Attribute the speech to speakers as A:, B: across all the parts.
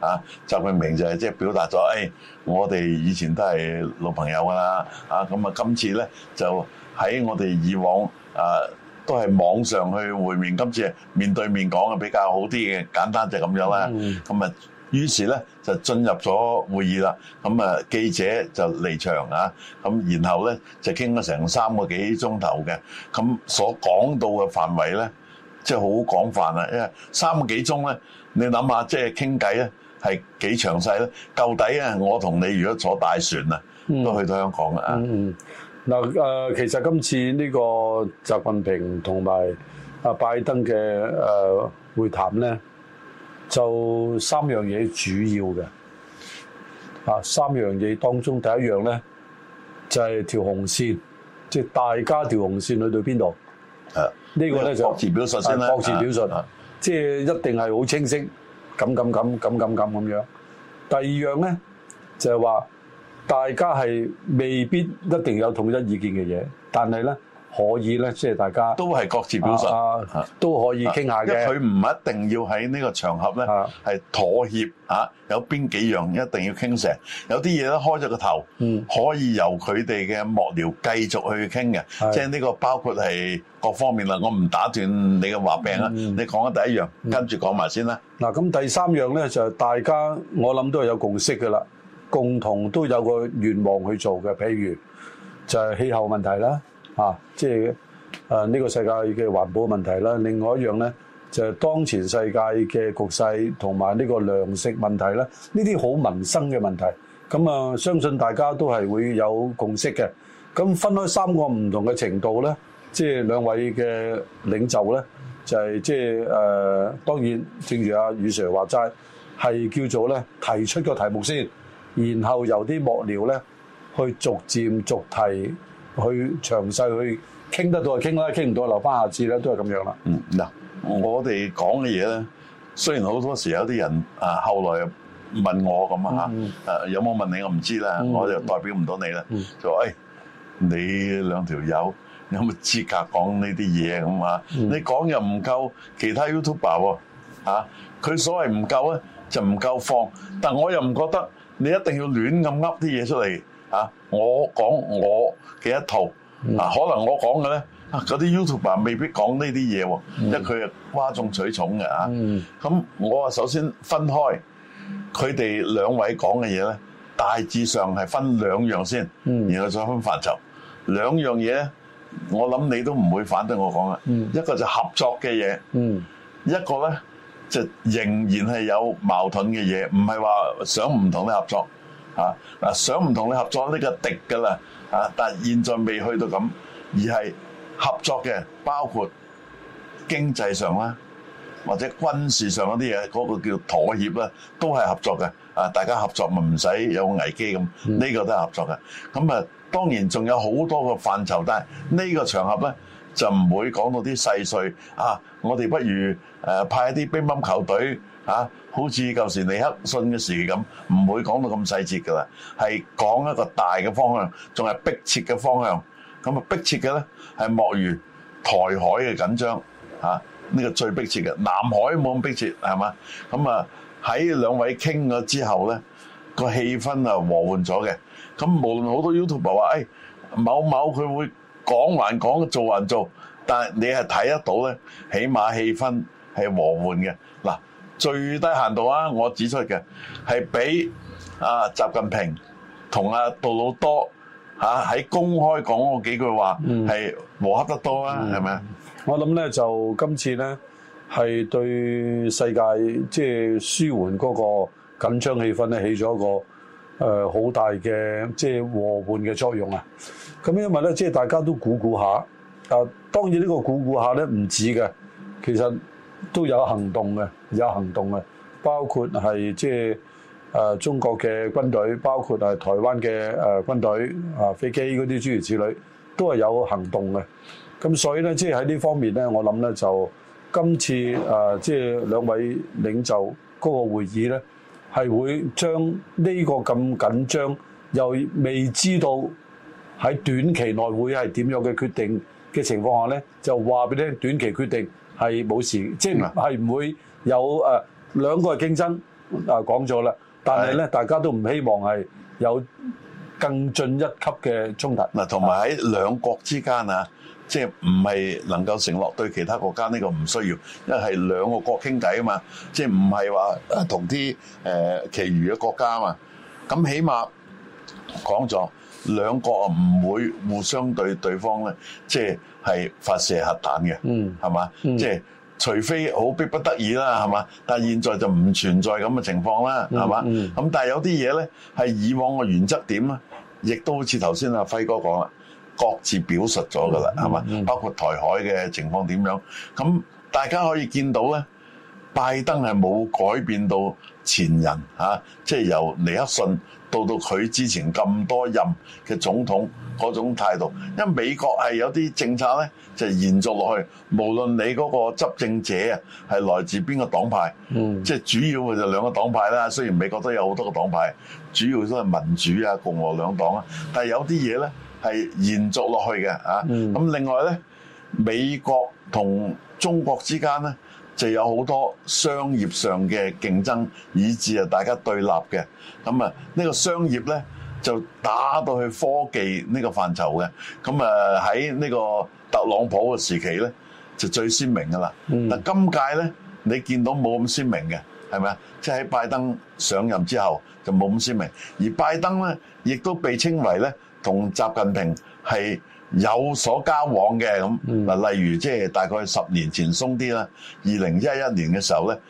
A: 啊，習近平就係即係表達咗，誒、哎，我哋以前都係老朋友㗎啦，啊，咁啊，今次咧就喺我哋以往啊都係網上去會面，今次面對面講嘅比較好啲嘅，簡單就咁樣啦。咁啊、嗯，於是咧就進入咗會議啦。咁啊，記者就離場啊。咁然後咧就傾咗成三個幾鐘頭嘅，咁所講到嘅範圍咧、就是，即係好廣泛啦，因為三個幾鐘咧，你諗下即係傾偈咧。係幾詳細咧？舊底啊！我同你如果你坐大船啊，
B: 嗯、都去到香港噶啊！嗱誒、嗯嗯，其實今次呢個習近平同埋啊拜登嘅誒會談咧，就三樣嘢主要嘅嚇，三樣嘢當中第一樣咧，就係、是、條紅線，即、就、係、是、大家條紅線去到邊度？啊！個呢個咧就各自表述先啦，各自表述，啊啊、即係一定係好清晰。咁咁咁咁咁咁咁樣，第二樣呢就係話，大家係未必一定有統一意見嘅嘢，但係呢。可以咧，即係大家都係各自表述、啊啊，都可以傾下嘅。佢唔一
A: 定要喺呢個場合咧，係、啊、妥協、啊、有邊幾樣一定要傾成？有啲嘢咧，開咗個頭，嗯、可以由佢哋嘅幕僚繼續去傾嘅。即係呢個包括係各方面啦。我唔打斷你嘅話柄啦、嗯、你講咗第一樣，
B: 嗯、跟住講埋先啦。嗱，咁第三樣咧就係大家我諗都係有共識㗎啦，共同都有個願望去做嘅。譬如就係、是、氣候問題啦。嗯啊，即係誒呢個世界嘅環保問題啦，另外一樣呢，就係、是、當前世界嘅局勢同埋呢個糧食問題啦，呢啲好民生嘅問題，咁啊相信大家都係會有共識嘅。咁分開三個唔同嘅程度呢，即係兩位嘅領袖呢，就係、是、即係誒、呃，當然正如阿、啊、余 Sir 話齋，係叫做呢提出個題目先，然後由啲幕僚呢去逐漸逐題。去詳細去傾得到就傾啦，傾唔到留翻下次啦，都係咁樣啦。嗯，嗱，我哋講嘅
A: 嘢咧，雖然好多時有啲人啊，後來問我咁啊嚇，誒有冇問你我唔知啦，我就代表唔到你啦，就話誒你兩條友有冇資格講呢啲嘢咁啊？你講又唔夠，其他 YouTuber 啊嚇，佢所謂唔夠啊，就唔夠放，但我又唔覺得你一定要亂咁噏啲嘢出嚟。我講我嘅一套啊，可能我講嘅咧啊，嗰啲 YouTuber 未必講呢啲嘢喎，因為佢係嘩眾取寵嘅啊。咁我啊首先分開佢哋兩位講嘅嘢咧，大致上係分兩樣先，然後再分範疇，兩樣嘢咧。我諗你都唔會反對我講嘅，嗯、一個就合作嘅嘢，嗯、一個咧就仍然係有矛盾嘅嘢，唔係話想唔同你合作。啊！想唔同你合作呢個敵噶啦，啊！但係現在未去到咁，而係合作嘅，包括經濟上啦，或者軍事上嗰啲嘢，嗰個叫妥協啦，都係合作嘅。啊，大家合作咪唔使有危機咁，呢個都係合作嘅。咁啊，當然仲有好多個範疇，但係呢個場合咧就唔會講到啲細碎。啊，我哋不如誒派一啲乒乓球隊啊！好似舊時尼克遜嘅時期咁，唔會講到咁細節噶啦，係講一個大嘅方向，仲係迫切嘅方向。咁啊，迫切嘅咧係莫如台海嘅緊張，嚇呢個最迫切嘅，南海冇咁迫切，係嘛？咁啊，喺兩位傾咗之後咧，個氣氛啊和緩咗嘅。咁無論好多 YouTuber 話誒某某佢會講還講，做還做，但係你係睇得到咧，起碼氣氛係和緩嘅嗱。最低限度啊！我指出嘅係比啊習
B: 近平同阿、啊、杜魯多嚇喺、啊、公開講嗰幾句話係、嗯、磨合得多啦，係咪啊？嗯、嗎我諗咧就今次咧係對世界即係、就是、舒緩嗰個緊張氣氛咧起咗一個誒好、呃、大嘅即係和緩嘅作用啊！咁因為咧即係大家都估估下啊，當然這個猜一猜一呢個估估下咧唔止嘅，其實。都有行動嘅，有行動嘅，包括係即係誒中國嘅軍隊，包括係台灣嘅誒軍隊啊飛機嗰啲諸如此類，都係有行動嘅。咁所以咧，即係喺呢方面咧，我諗咧就今次誒即係兩位領袖嗰個會議咧，係會將呢個咁緊張又未知道喺短期內會係點樣嘅決定嘅情況下咧，就話俾你短期決定。係冇事，即係係唔會有誒兩個嘅競爭，啊講咗啦，但係咧大家都唔希望係有更進一級嘅衝突。嗱，同埋喺兩國之間
A: 啊，即係唔係能夠承諾對其他國家呢個唔需要，因為係兩個國傾偈啊嘛，即係唔係話誒同啲誒其餘嘅國家嘛，咁起碼講咗。兩個啊，唔會互相對對方咧，即係係發射核彈嘅，係嘛？即係除非好逼不得已啦，係嘛？但係現在就唔存在咁嘅情況啦，係嘛？咁但係有啲嘢咧係以往嘅原則點啊，亦都好似頭先阿輝哥講啦，各自表述咗噶啦，係嘛、嗯？吧包括台海嘅情況點樣，咁大家可以見到咧。拜登係冇改變到前人啊即係、即係、由尼克遜到到佢之前咁多任嘅總統嗰種態度，因為美國係有啲政策咧就係、延續落去，無論你嗰個執政者啊係來自邊個黨派，嗯，即係主要嘅就兩個黨派啦。雖然美國都有好多個黨派，主要都係民主啊、共和兩黨啊，但係有啲嘢咧係延續落去嘅啊。咁另外咧，美國同中國之間咧。就有好多商業上嘅競爭，以致啊大家對立嘅。咁啊呢個商業呢就打到去科技呢個範疇嘅。咁啊喺呢個特朗普嘅時期呢就最鮮明噶啦。嗱今屆呢你見到冇咁鮮明嘅，係咪啊？即係喺拜登上任之後就冇咁鮮明。而拜登呢亦都被稱為呢同習近平係有所交往嘅咁，嗱，例如即係大概十年前鬆啲啦，二零一一年嘅時候咧，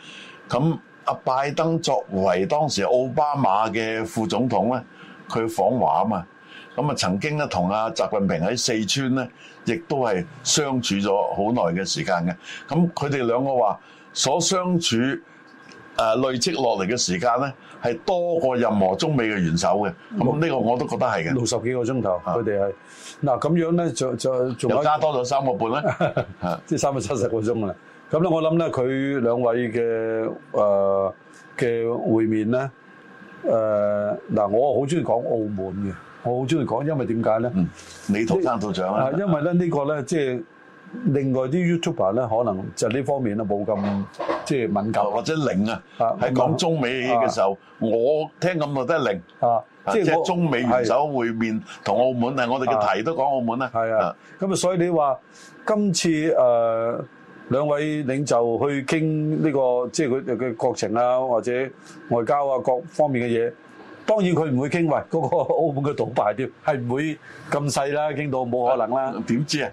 A: 咁阿拜登作為當時奧巴馬嘅副總統咧，佢訪華吖嘛，咁啊曾經咧同阿習近平喺四川咧，亦都係相處咗好耐嘅時間嘅，咁佢哋兩個話所相處誒累積落嚟嘅時間咧，係多過任何中美嘅元
B: 首嘅，咁呢個我都覺得係嘅。六十幾個鐘頭，佢哋係嗱咁樣咧，就就仲加多
A: 咗三 個半啦，
B: 即係三百七十個鐘啦。咁咧，我諗咧，佢兩位嘅誒嘅會面咧，誒、呃、嗱，我好鍾意講澳門嘅，我好鍾意講，因為點解咧？嗯，你土生土長啊，因為咧呢、這個咧即係。另外啲 YouTuber 咧，可能就呢方面咧冇咁即係敏感或者零啊，喺講中美嘅時候，啊、我聽咁耐都係零啊，即、就、係、是啊就是、中美元首會面同是澳，澳門啊，我哋嘅題都講澳門啦，啊，咁是啊，所以你話今次誒兩、呃、位領袖去傾呢、這個即係佢嘅國情啊，或者外交啊各方面嘅嘢。當然佢唔會傾壞嗰個澳門嘅賭牌啲係唔會咁細啦，傾到冇可能啦。點知啊？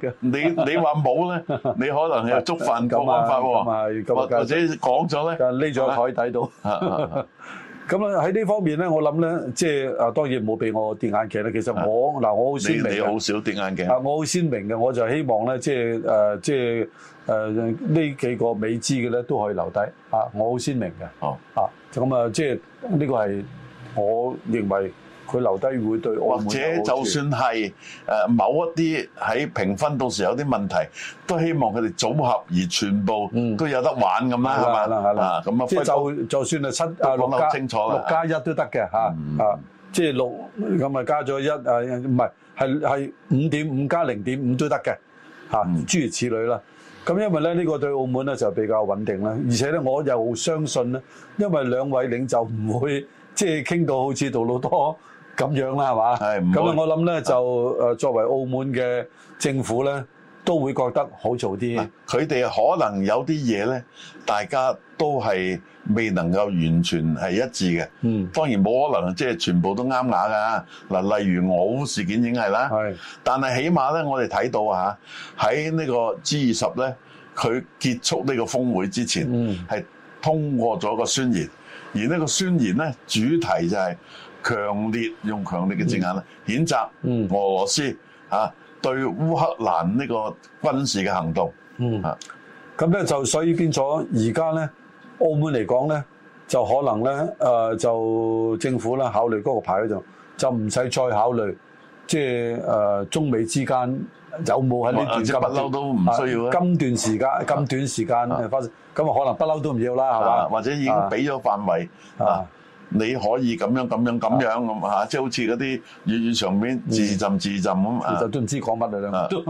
B: 知 你你話冇咧，你可能係觸犯咁啊？辦法喎，或、啊、或者講咗咧，匿咗喺海底度。 咁咧喺呢方面咧，我諗咧，即係啊，當然冇俾我跌眼鏡啦。其實我嗱，的我好鮮明的，你你好
A: 少跌眼鏡啊！
B: 我好鮮明嘅，我就希望咧，即係誒，即係誒呢幾個美資嘅咧都可以留低。啊！我好鮮明嘅哦啊，咁、就、啊、係，即係呢個係我認為。佢留低會對澳門，或者就算係誒某一啲
A: 喺評分到時有啲問題，都希望佢哋組合而全部都有得玩咁啦，係嘛啊？咁啊，即係就
B: 就算係七清楚六加六加一都得嘅，嗯、啊！即係六咁啊，5. 5加咗一唔係係係五點五加零點五都得嘅嚇，啊嗯、諸如此類啦。咁因為咧呢個對澳門咧就比較穩定啦，而且咧我又相信咧，因為兩位領袖唔會即係傾到好似杜魯多。咁樣啦，係嘛？咁啊，我諗咧就誒，作為澳門嘅政府咧，都會覺得好做啲。佢哋可能有啲嘢咧，
A: 大家都係未能夠完全係一致嘅。嗯，當然冇可能，即係全部都啱啱噶。嗱，例如俄烏事件已經係啦。係是，但係起碼咧，我哋睇到吓，喺呢個 G 二十咧，佢結束呢個峰會之前，嗯，係通過咗個宣言，而呢個宣言咧主題就係、是。強烈用強烈嘅字眼咧，譴責俄羅斯嚇對烏
B: 克蘭呢個軍事嘅行動。嗯，咁咧就所以變咗而家咧，澳門嚟講咧，就可能咧就政府咧考慮嗰個牌就就唔使再考慮，即係中美之間有冇喺呢段金段時間咁短時間咁啊？可
A: 能不嬲都唔需要啦，係嘛？或者已經俾咗範圍啊？你可以咁樣咁樣咁樣
B: 咁嚇，即係、嗯嗯、好似嗰啲粵語上面自浸自浸咁、嗯、其實都唔知講乜嘅啦。咁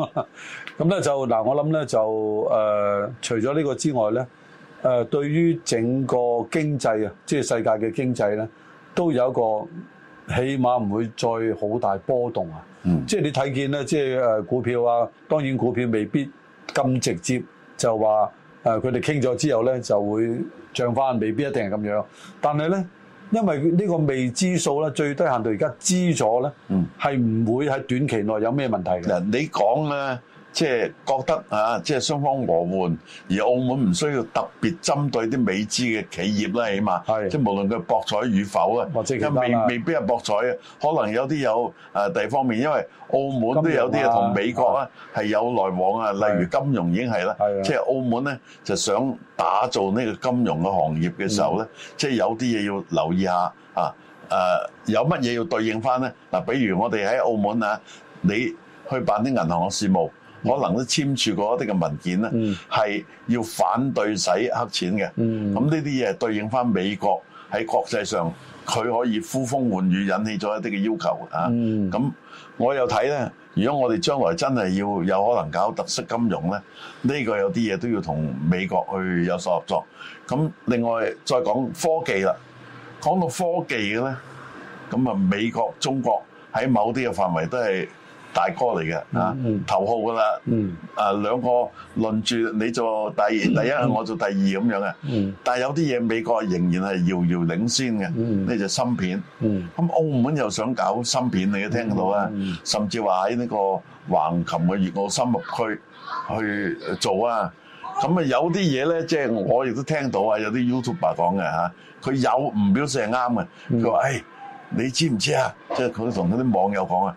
B: 咧、嗯嗯、就嗱，我諗咧就誒、呃，除咗呢個之外咧，誒、呃、對於整個經濟啊，即、就、係、是、世界嘅經濟咧，都有一個起碼唔會再好大波動啊。即係、嗯、你睇見咧，即係誒股票啊，當然股票未必咁直接就話誒佢哋傾咗之後咧就會漲返，未必一定係咁樣，但係咧。因為呢個未知數呢，最低限度而家知咗咧，係唔會喺短期內有咩問題嘅。嗯，你講咧。即係覺得啊，即係雙方和緩，而澳門唔需要特別
A: 針對啲美資嘅企業啦，起碼係即係無論佢博彩與否啊，或者未未必係博彩啊，可能有啲有啊第方面，因為澳門都有啲啊同美國咧係有來往啊，例如金融已經係啦，即係澳門咧就想打造呢個金融嘅行業嘅時候咧，即係有啲嘢要留意下啊，誒有乜嘢要對應翻咧？嗱，比如我哋喺澳門啊，你去辦啲銀行嘅事務。可能都簽署過一啲嘅文件咧，係、嗯、要反對洗黑錢嘅。咁呢啲嘢對應翻美國喺國際上，佢可以呼風喚雨，引起咗一啲嘅要求啊。咁、嗯、我又睇咧，如果我哋將來真係要有可能搞特色金融咧，呢、呢個有啲嘢都要同美國去有所合作。咁另外再講科技啦，講到科技嘅咧，咁啊美國、中國喺某啲嘅範圍都係。大哥嚟嘅，啊，頭號噶啦，啊兩個輪住你做第一，第一我做第二咁樣嘅。但係有啲嘢美國仍然係遙遙領先嘅，呢隻芯片。咁澳門又想搞芯片，你都聽到啊，甚至話喺呢個橫琴嘅粵澳深合區去做啊。咁啊有啲嘢咧，即係我亦都聽到啊，有啲 YouTuber 講嘅嚇，佢有唔表示係啱嘅。佢話，誒，你知唔知啊？即係佢同嗰啲網友講啊。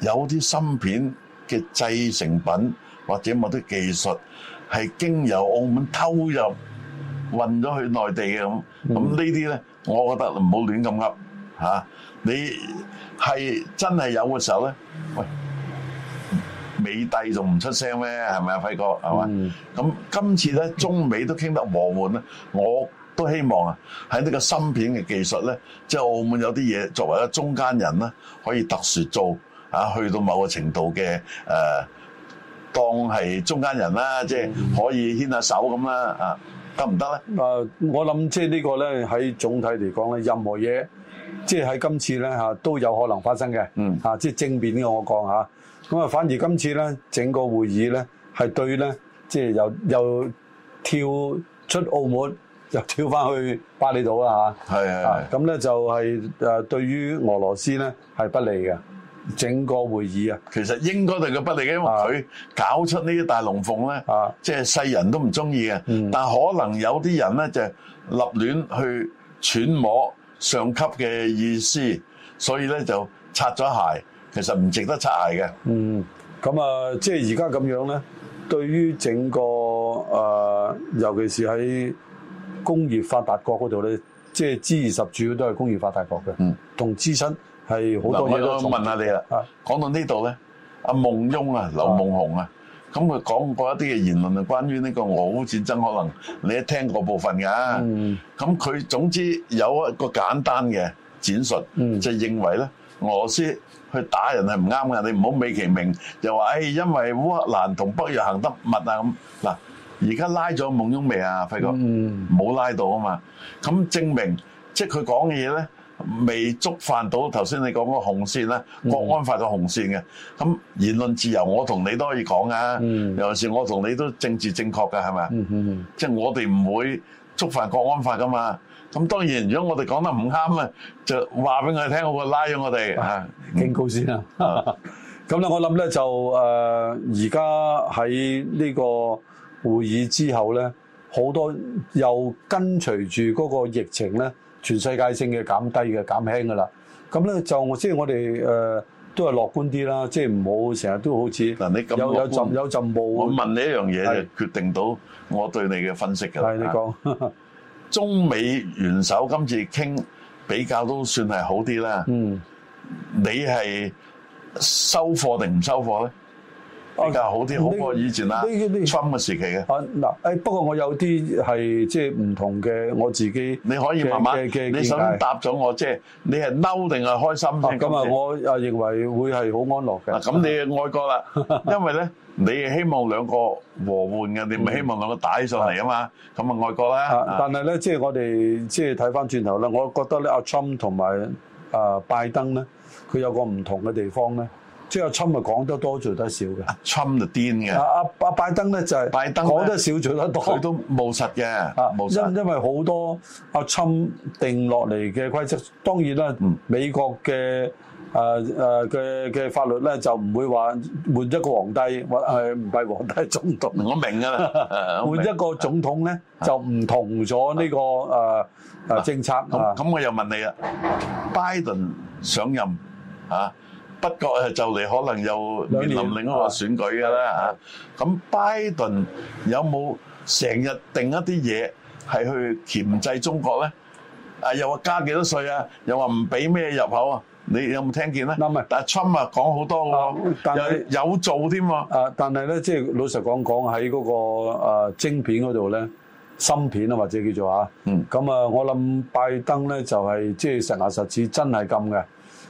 A: 有啲芯片嘅製成品或者某啲技術係經由澳門偷入運咗去內地嘅，咁，咁呢啲咧，我覺得唔好亂咁噏吓。你係真係有嘅時候咧，喂，美帝仲唔出聲咩？係咪啊，輝哥係嘛？咁今次咧，中美都傾得和緩咧，我都希望啊，喺呢個芯片嘅技術咧，即係澳門有啲嘢作為一中間人咧，可以特殊做。啊，去到某個程度嘅誒，
B: 當係中間人啦，即係可以牽下手咁啦，啊，得唔得咧？啊，行行呃、我諗即係呢個咧，喺總體嚟講咧，任何嘢，即係喺今次咧嚇都有可能發生嘅。嗯啊嚇。啊，即係正面嘅我講嚇，咁啊反而今次咧整個會議咧，係對咧，即係又又跳出澳門，又跳翻去巴厘島啦嚇。係、啊、係。咁咧、啊、就係誒對於俄羅斯咧係不利嘅。整個會議啊，
A: 其實應該對佢不利的，因為佢搞出呢啲大龍鳳咧，啊、即係世人都唔中意嘅。嗯、但可能有啲人咧就立亂去揣摩上級嘅意思，所以咧就擦咗鞋。其實唔值得擦鞋嘅。嗯，
B: 咁啊，即係而家咁樣咧，對於整個誒、呃，尤其是喺工業發達國嗰度咧，即係 G20 主要都係工業發達國嘅，同、嗯、資深。係好多嘢都問下你啦。講到呢度咧，阿孟雍啊、
A: 劉孟雄啊，咁佢講過一啲嘅言論啊，關於呢個俄烏戰爭可能你聽過部分嘅。咁佢總之有一個簡單嘅展述，就認為咧，俄羅斯去打人係唔啱嘅，你唔好美其名，又話誒，因為烏克蘭同北約行得密啊咁。嗱，而家拉咗孟雍未啊，輝哥？冇拉到啊嘛？咁證明即係佢講嘅嘢咧。未觸犯到頭先你講個紅線咧，國安法個紅線嘅。咁、嗯、言論自由，我同你都可以講㗎。嗯、尤其是我同你都政治正確㗎，係咪？即係、嗯嗯、我哋唔會觸犯國安法噶嘛。咁當然，如果我哋講得唔啱啊，就話俾
B: 我聽，我會拉咗我哋警告先啦、啊。咁、嗯、我諗咧就誒，而家喺呢個會議之後咧，好多又跟隨住嗰個疫情咧。全世界性嘅減低嘅減輕㗎啦，咁咧就即係我哋誒都係樂觀啲啦，即係唔好成日都好似，嗱，你咁樣，有有陣有陣霧。
A: 我問你一樣嘢就決定到我對你嘅分析嘅。係你講中美元首今次傾比較都算係好啲啦。嗯，你係收貨定唔收貨咧？
B: 好啲，好過以前啦。Trump 嘅時期嘅。嗱、啊，誒不過我有啲係即係唔同嘅我自己嘅嘅見解，你可以慢慢，你想答咗我，即、就、係、是、你係
A: 嬲定係開心咁啊，我
B: 啊認為會係好安樂嘅。咁、啊、你
A: 愛國啦，啊、因為咧 你希望兩個和緩嘅，你唔希望兩個打起上嚟啊嘛，咁啊、嗯、愛國啦、啊。但
B: 係咧，即、就、係、是、我哋即係睇翻轉頭啦，我覺得咧，阿 Trump 同埋啊拜登咧，佢有個唔同嘅地方咧。即係阿侵咪講得多，做得少嘅。侵就癲嘅。阿阿阿拜登咧就係拜登講得少，做得多。佢都務實嘅。因因為好多阿侵定落嚟嘅規則，當然啦，美國嘅誒誒嘅嘅法律咧就唔會話換一個皇帝，或係唔係皇帝總統。我明㗎啦。換一個總統咧，就唔同咗呢個誒誒政策。咁咁，我又問你啦，拜
A: 登上任嚇？不覺誒就嚟可能又面臨另一個選舉嘅啦嚇，咁拜登有冇成日定一啲嘢係去鉗制中國咧？啊又話加幾多稅啊，又話唔俾咩入口啊？你有冇聽見咧？嗱咪，但係川普啊講好多，但係
B: 有做添喎。誒，但係咧，即係老實講講喺嗰個誒晶片嗰度咧，芯片啊或者叫做嚇，咁啊，我諗拜登咧就係即係實牙實齒真係禁嘅。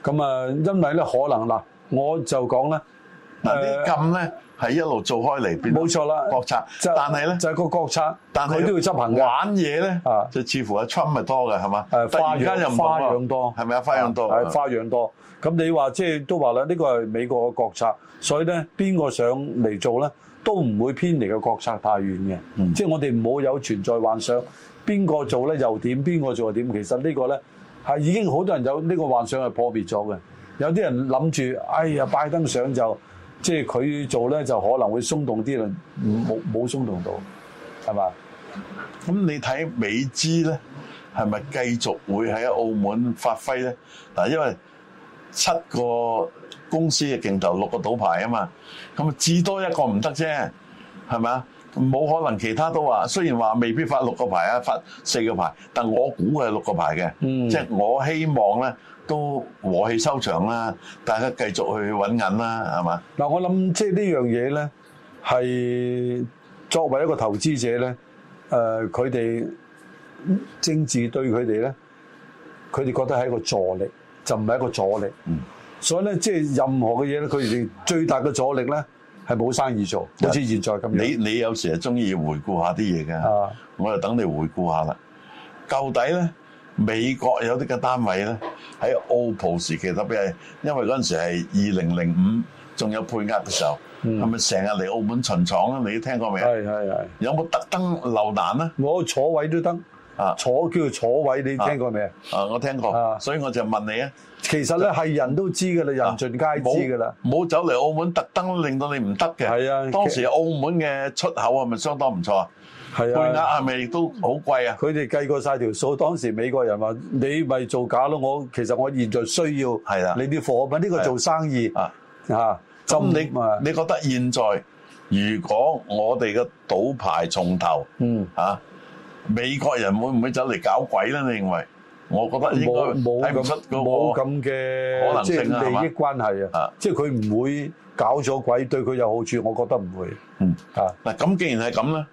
B: 咁啊，因為咧可能嗱，我就講咧，嗱啲禁咧係一路做開嚟，邊冇、呃、錯啦，國策。就但係咧，就係個國策，但係都要執行嘅。玩嘢咧，啊，就
A: 似乎係春咪多嘅係嘛？誒，花羊間又花樣多，
B: 係咪啊？花樣多，係花樣多。咁你話即係都話啦，呢個係美國嘅國策，所以咧邊個想嚟做咧都唔會偏離個國策太遠嘅。嗯、即係我哋唔好有存在幻想，邊個做咧又點？邊個做又點？其實個呢個咧。係已經好多人有呢個幻想係破滅咗嘅。有啲人諗住，哎呀，拜登上就即係佢做咧就可能會鬆動啲啦，冇冇鬆動到，係嘛？咁
A: 你睇美資咧係咪繼續會喺澳門發揮咧？嗱，因為七個公司嘅競投，六個賭牌啊嘛，咁啊至多一個唔得啫，係咪啊？冇可能，其他都話，雖然話未必發六個牌啊，發四個牌，但我估係六個牌嘅，嗯、即係我希望咧都
B: 和氣收場啦，大家繼續去揾銀啦，係嘛？嗱、嗯，我諗即係呢樣嘢咧，係作為一個投資者咧，誒佢哋政治對佢哋咧，佢哋覺得係一個助力，就唔係一個阻力。嗯。所以咧，即係任何嘅嘢咧，佢哋最大嘅阻力咧。係冇生意做，好似現在咁。你你有時係中意回顧下啲嘢嘅，我就等
A: 你回顧下啦。舊底咧，美國有啲嘅單位咧，喺澳葡時期，特別係因為嗰陣時係二零零五仲有配額嘅時候，係咪成日嚟澳門巡廠啊？你聽過未啊？係係係。有冇特登留難咧？我坐
B: 位都得。啊，坐叫做坐位，你聽過未啊？啊，我聽過，所以我就問你啊。其實咧，係人都知噶啦，人盡皆知噶啦。冇走嚟澳門，特登令到你唔得嘅。係啊，當時澳門嘅出口係咪相當唔錯啊？係啊，配額係咪亦都好貴啊？佢哋計過晒條數，當時美國人話：你咪做假咯！我其實我現在需要。係啦。你啲貨品呢個做生意啊，啊，就唔啲。你覺得現在如果我哋嘅賭牌重頭，嗯，啊？
A: 美國人會唔會走嚟搞鬼咧？你認為？我覺得應該睇唔出個冇咁嘅可能性，即係利益
B: 關係啊！即係佢唔會搞咗鬼對佢有好處，我覺得唔會。
A: 嗯啊嗱，咁既然係咁
B: 咧，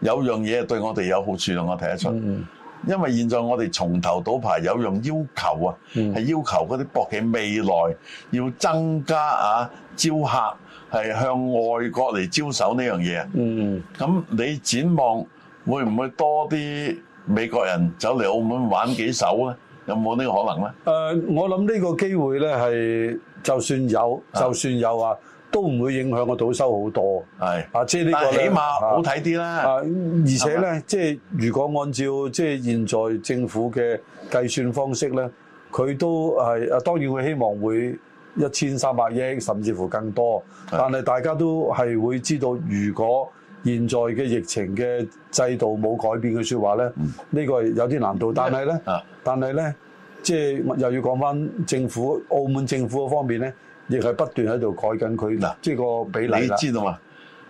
B: 有樣嘢對我哋有好處，
A: 我睇得出。嗯，因為現在我哋從頭到排有樣要求啊，係要求嗰啲博企未來要增加啊招客，係向外國嚟招手呢樣嘢啊。嗯，咁你展望？會唔會多啲美國人走嚟澳門玩幾手呢？有冇呢個可能呢？誒、
B: 呃，我諗呢個機會呢，就算有，啊、就算有啊，都唔會影響個賭收好多。係是啊，即係呢個起碼好睇啲啦、啊。而且呢，即係吧如果按照即係現在政府嘅計算方式呢，佢都係啊，當然佢希望會一千三百億甚至乎更多。的但係大家都係會知道，如果現在嘅疫情嘅制度冇改變嘅説話咧，呢個有啲難度。但係咧，但係咧，即係又要講翻政府、澳門政府嘅方面咧，亦係不斷喺度改緊佢。嗱，即係個比例啦。你知
A: 道嘛？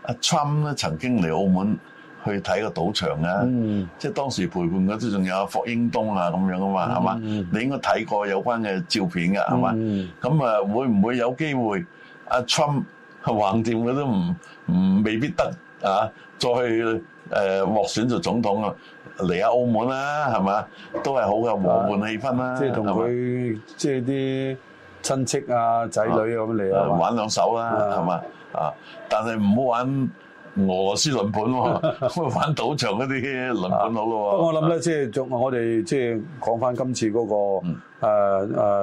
A: 阿 Trump 咧曾經嚟澳門去睇個賭場嘅，即係當時陪伴嗰啲仲有霍英東啊咁樣啊嘛，係嘛？你應該睇過有關嘅照片㗎，係嘛？咁啊，會唔會有機會阿 Trump 橫掂佢都唔唔未必得？啊！再去、呃、獲選做總統啊，嚟下澳門啦，係嘛都係好嘅和諧氣氛啦、啊啊。即係同佢
B: 即係啲親戚啊、仔女咁嚟啊，吧玩兩手啦、啊，係嘛
A: 吧啊！但係唔好玩俄羅斯輪盤喎、啊， 玩賭場嗰啲輪盤好、啊、咯。啊、不過我諗
B: 咧，啊、即係仲我哋即係講翻今次嗰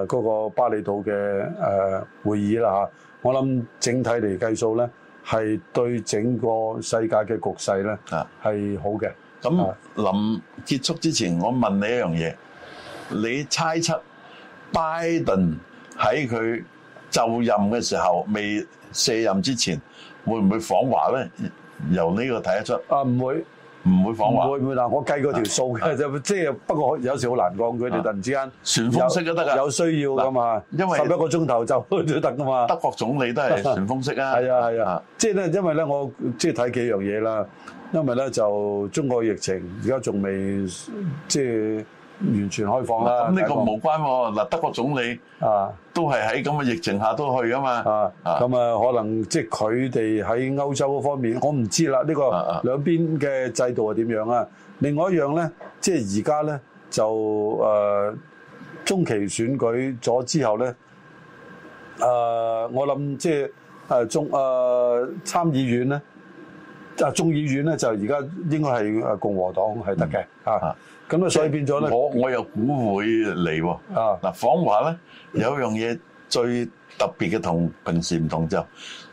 B: 個巴厘島嘅誒、啊、會議啦吓，我諗整體嚟計數咧。係對整個世界嘅局勢咧，係好嘅。咁臨結束之前，我問你一樣嘢，你猜測拜
A: 登喺佢就任嘅時候未卸任之前，
B: 會唔會訪華咧？由呢個睇得出。啊，唔會。唔會放話，唔會唔會啦！我計過條數，啊、就即、是、係，不過有時好難講，佢哋突然之間旋、啊、風式都得噶，有需要噶嘛？因為十一個鐘頭就都得噶嘛。德國總理都係旋風式啊！係啊係啊，即係咧，因為咧，我即係睇幾樣嘢啦。因為咧，就中國疫情而家仲未即係。就係完全開放啦！咁呢個無
A: 關喎，啊。嗱，德國總理
B: 啊，都係喺咁嘅疫情下都去啊嘛。啊，咁啊，啊，啊，可能即係佢哋喺歐洲嗰方面，我唔知啦。呢、呢個兩邊嘅制度係點樣啊？另外一樣咧，即係而家咧就誒、呃、中期選舉咗之後咧，誒、呃、我諗即係誒中誒參議院咧。啊，眾議院咧就而家應該係啊共和黨係得嘅啊，咁啊所以變咗咧，我我又估會嚟喎啊！嗱、啊，訪華咧
A: 有一樣嘢最特別嘅同平時唔同就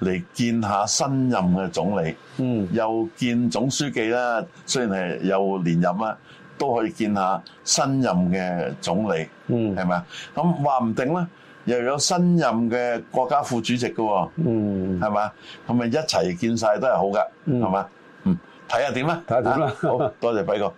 A: 嚟見下新任嘅總理，嗯，又見總書記啦，雖然係又連任啦、啊，都可以見下新任嘅總理，嗯，係咪啊？咁話唔定咧。又有新任嘅國家副主席嘅喎，嗯，係嘛，咁埋一齊見晒都係好嘅，係嘛，嗯，睇下點啦，睇下點啦，啊、 好多謝拜個。